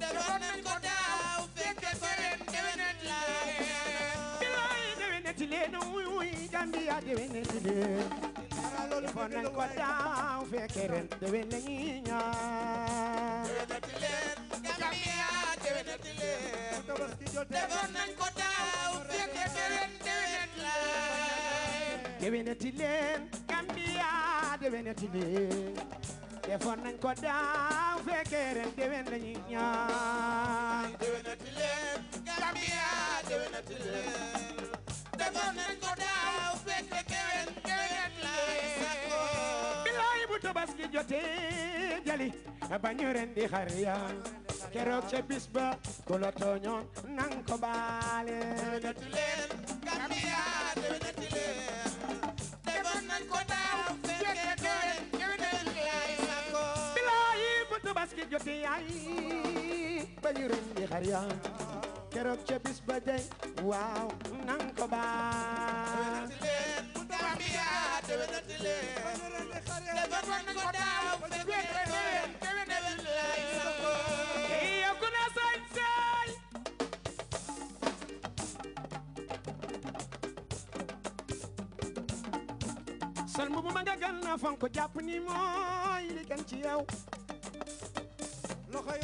defoon nañ ko daaw fekke ko ren déwénet la bilaay déwéneti leen wuy wuy Gambia déwéneti leen defoon nañ ko daaw fekke ren déwén la ñuy ñaan déwéneti leen Gambia déwéneti leen defoon nañ ko daaw fekke ko ren déwénet la déwéneti leen Gambia déwéneti leen defoon nañ ko daaw fekkee ren bu tabaski jotee jali bañu di xar keroog ca bis ku la tooñoon nang ko ci yaay ba juróom yi xar ya keroog ca bis ba day waaw nan ko baa sal mbubu ma nga gën na fonk jàpp ni mooy li gën ci yow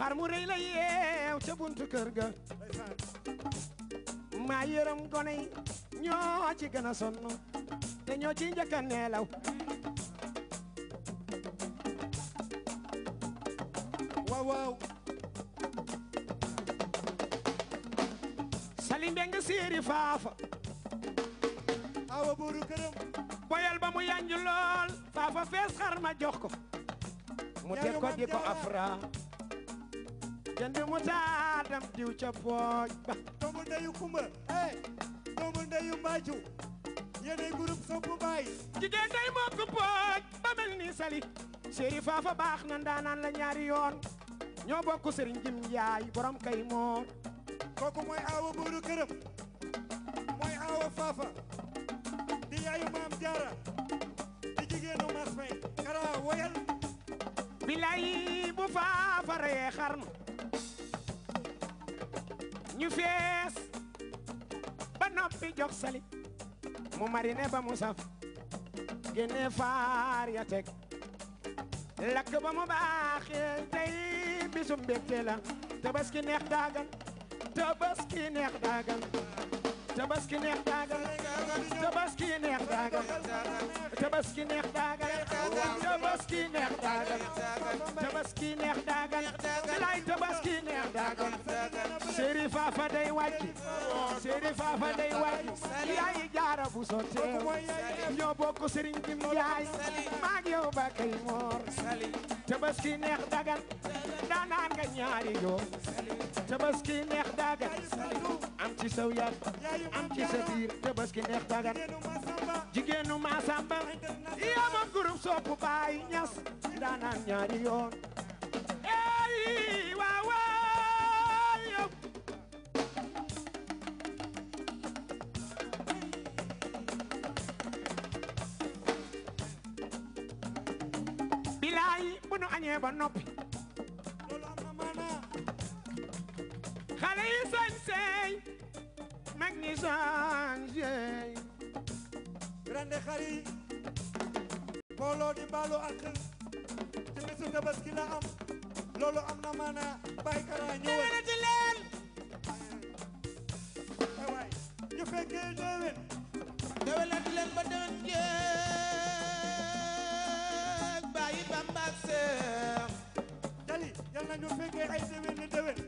xar mu rëy la yeew ca buntu kër ga maa yërëm gone ñoo ci gën a sonn te ñoo ci njëkk neelaw waaw waaw sali siiri faafa awa buuru këram boyal ba mu yanju lool fees xar ma jox mu teg ko di ko afra jënd mu taadam diw ca pooj ba doomu ndeyu kumba eh doomu ndeyu mbaaju yéenay groupe soppu baay jigéen day mokk pooj ba mel ni sali séeri faafa baax na ndaanaan la ñaari yoon ñoo bokk sëriñ jim yaay borom kay moor kooku mooy aawa buuru këram mooy aawa faafa di yaayu maam jaara di jigéenu mas fay kara woyal bilaay bu faafa ree xarnu ñu fees ba noppi jox sali mu marine ba mu saf génne faar ya teg lakk ba mu baaxee tey bisu mbégte la tabaski neex daagan tabaski neex daagan tabaski neex daagan tabaski neex daagan tabaski neex daagan tabaski neex neex daagan faafa day wàcc Serigne faafa day wàcc yaay jaara bu so teew ñoo bokk Serigne Jim Njaay maag yow ba kay moor tabaski neex dagan daanaan nga ñaari yoon tabaski neex dagan am ci saw am ci sa tabaski neex dagan jigéenu Masamba yaa ma groupe sopp baay ñas daanaan ñaari yoon añee ba noppi loolu am na maanaa xale yi sañ seey mag ñi sañ seey rende xar yi booloo di baalu ak ci bisu tabaski la am loolu am na maanaa bàyyi karaa ñëwal ci leen waay ñu fekkee déwén déwénati leen ba déwén jee nañu fekkee ay déwéni déwén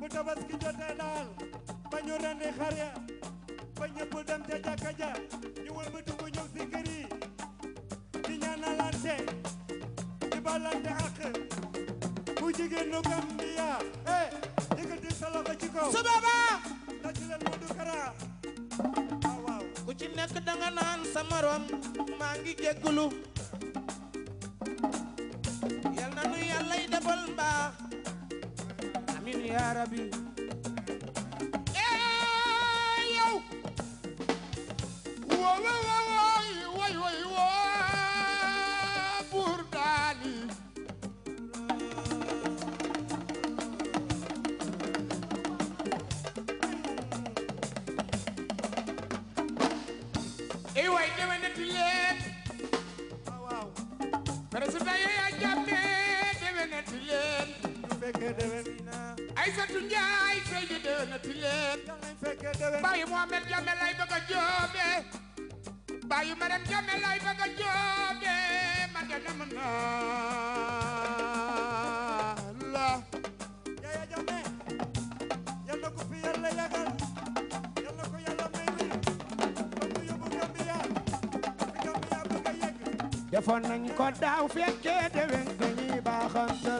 bu tabaski jotee daal ba ñu rendi xar ya, ba ñëpp dem ca jàkka ja ñu di ñaanalante di balante ak bu jigéenu Gambia eh ci su Kara. Ah, waaw ku ci nekk danga naan sa ngi defal mbaax amin yaa rabbi ee yow wo wo wo woy woy wo buur daali ee way dewenati leen président fekke déwén Aysatu Njaay feeñu déwén ati leen bàyyi Mohamed Jame lay bëgg a joobe bàyyi Marem Jame lay bëgg a joobe man de dem naa la Yaya Jame yal na ko fi yàlla yàggal yal na ko yàlla may wér ba mu yóbbu Gambia bi Gambia bëgg a yegg defoon nañ ko daaw fekke déwén dañuy baaxante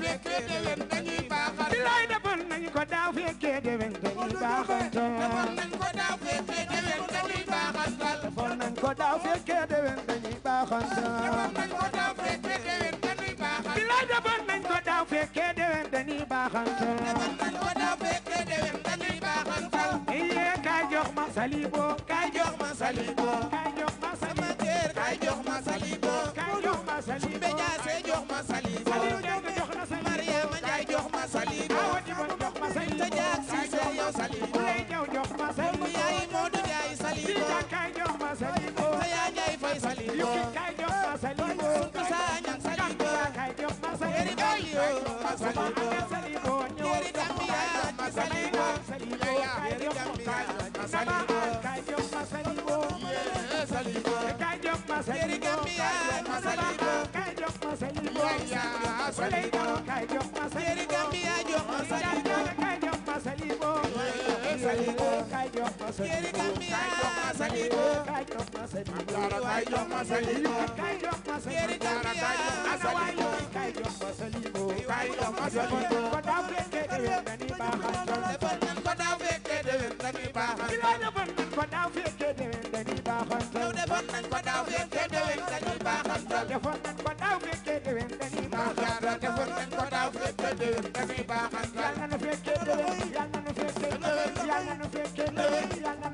fekkee déwén dañuy baaxal bilaay defoon nañu ko daaw fekkee déwén dañuy baaxal defoon nañ ko daaw fekkee déwén dañuy baaxal defoon nañ ko daaw fekkee déwén dañuy baaxal defoon nañ ko daaw fekkee déwén dañuy baaxal bilaay defoon nañ ko daaw fekkee déwén dañuy baaxal defoon nañ ko daaw fekkee déwén dañuy baaxal iye kaay jox ma salibo kaay jox ma salibo kaay jox ma salibo kaay jox ma salibo kaay jox ma salibo jox ma salibo Salido, Salido, Salido, Salido, Salido, Salido, Salido, yéri Gambia Sadiko waay jox ma Sadiko yéri Gambia Sadiko waay jox ma Sadiko waay jox ma Sadiko ko daaw fekke dewen dani baaxal defal nan ko daaw fekke dewen dani baaxal defal nan ko daaw fekke dewen dani baaxal defal nan ko daaw fekke dewen dani baaxal defal nan ko daaw fekke dewen dani baaxal defal nan ko daaw fekke Hey.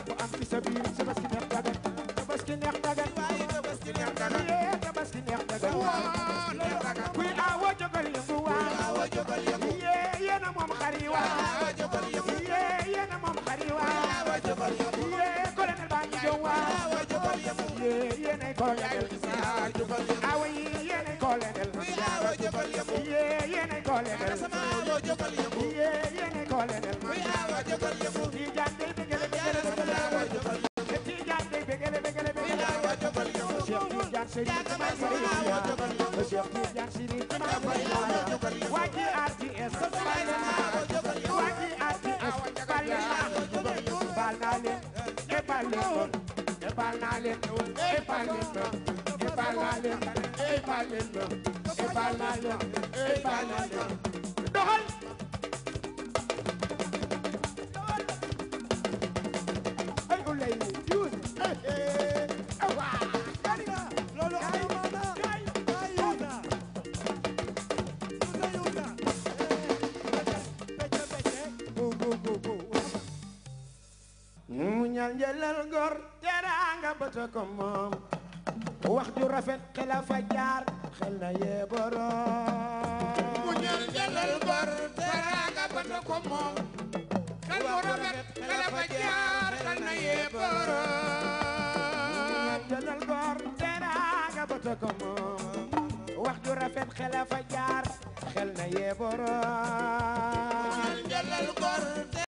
yaa ko am ci sa biir tabaski neex dagan tabaski neex dagan waaye tabaski neex dagan yee tabaski neex dagan waaw kuy aawoo jógal yëngu waaw yee yéena moom xar yi waaw yee yéena moom xar yi waaw yee colonel baa ngi jëw waaw yee yéenay colonel awa yi yéenay colonel yee yéenay colonel yee doxal jëlal gor teraanga bata ko moom wax ju rafet xela fa jaar xel na yee boroom mu ñël jëlal gor teraanga bata ko moom xel mu rafet xela fa jaar xel na yee boroom jëlal gor teraanga bata ko moom wax ju rafet xela fa jaar xel na yee boroom